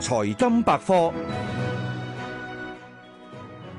財金百科，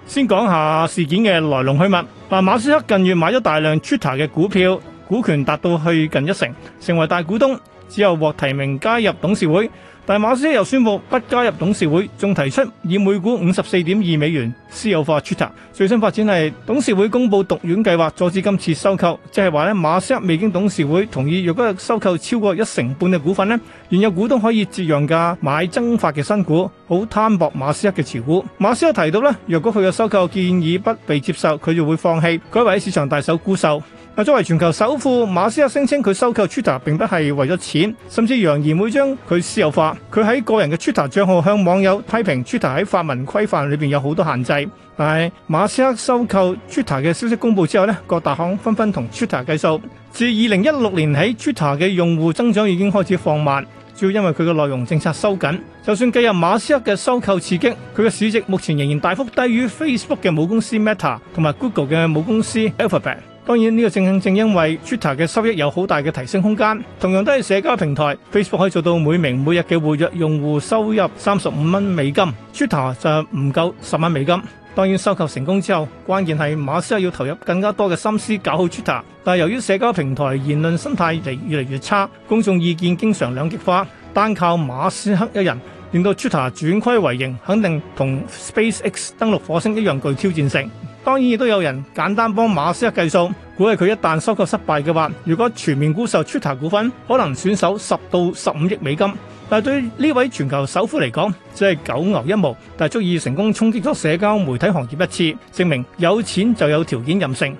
先講下事件嘅來龍去脈。嗱，馬斯克近月買咗大量 Twitter 嘅股票，股權達到去近一成，成為大股東。之後獲提名加入董事會，但馬斯克又宣布不加入董事會，仲提出以每股五十四點二美元私有化 Twitter。最新發展係董事會公布毒丸計劃，阻止今次收購，即係話咧馬斯克未經董事會同意，若果收購超過一成半嘅股份咧，原有股東可以折讓價買增發嘅新股，好攤薄馬斯克嘅持股。馬斯克提到咧，若果佢嘅收購建議不被接受，佢就會放棄改為市場大手沽售。作為全球首富，馬斯克聲稱佢收購 Twitter 並不係為咗錢，甚至揚言會將佢私有化。佢喺個人嘅 Twitter 賬號向網友批評 Twitter 喺發文規範裏邊有好多限制。但係馬斯克收購 Twitter 嘅消息公佈之後呢，各大行紛紛同 Twitter 計數。自二零一六年起，Twitter 嘅用戶增長已經開始放慢，主要因為佢嘅內容政策收緊。就算計入馬斯克嘅收購刺激，佢嘅市值目前仍然大幅低於 Facebook 嘅母公司 Meta 同埋 Google 嘅母公司 Alphabet。當然呢個正正因為 Twitter 嘅收益有好大嘅提升空間，同樣都係社交平台 Facebook 可以做到每名每日嘅活躍用戶收入三十五蚊美金，Twitter 就唔夠十蚊美金。當然收購成功之後，關鍵係馬斯克要投入更加多嘅心思搞好 Twitter，但係由於社交平台言論生態嚟越嚟越差，公眾意見經常兩極化，單靠馬斯克一人令到 Twitter 轉虧為盈，肯定同 SpaceX 登陸火星一樣具挑戰性。當然亦都有人簡單幫馬斯克計數，估計佢一旦收購失敗嘅話，如果全面沽售 Twitter 股份，可能損手十到十五億美金。但對呢位全球首富嚟講，只係九牛一毛，但足以成功衝擊咗社交媒體行業一次，證明有錢就有條件任性。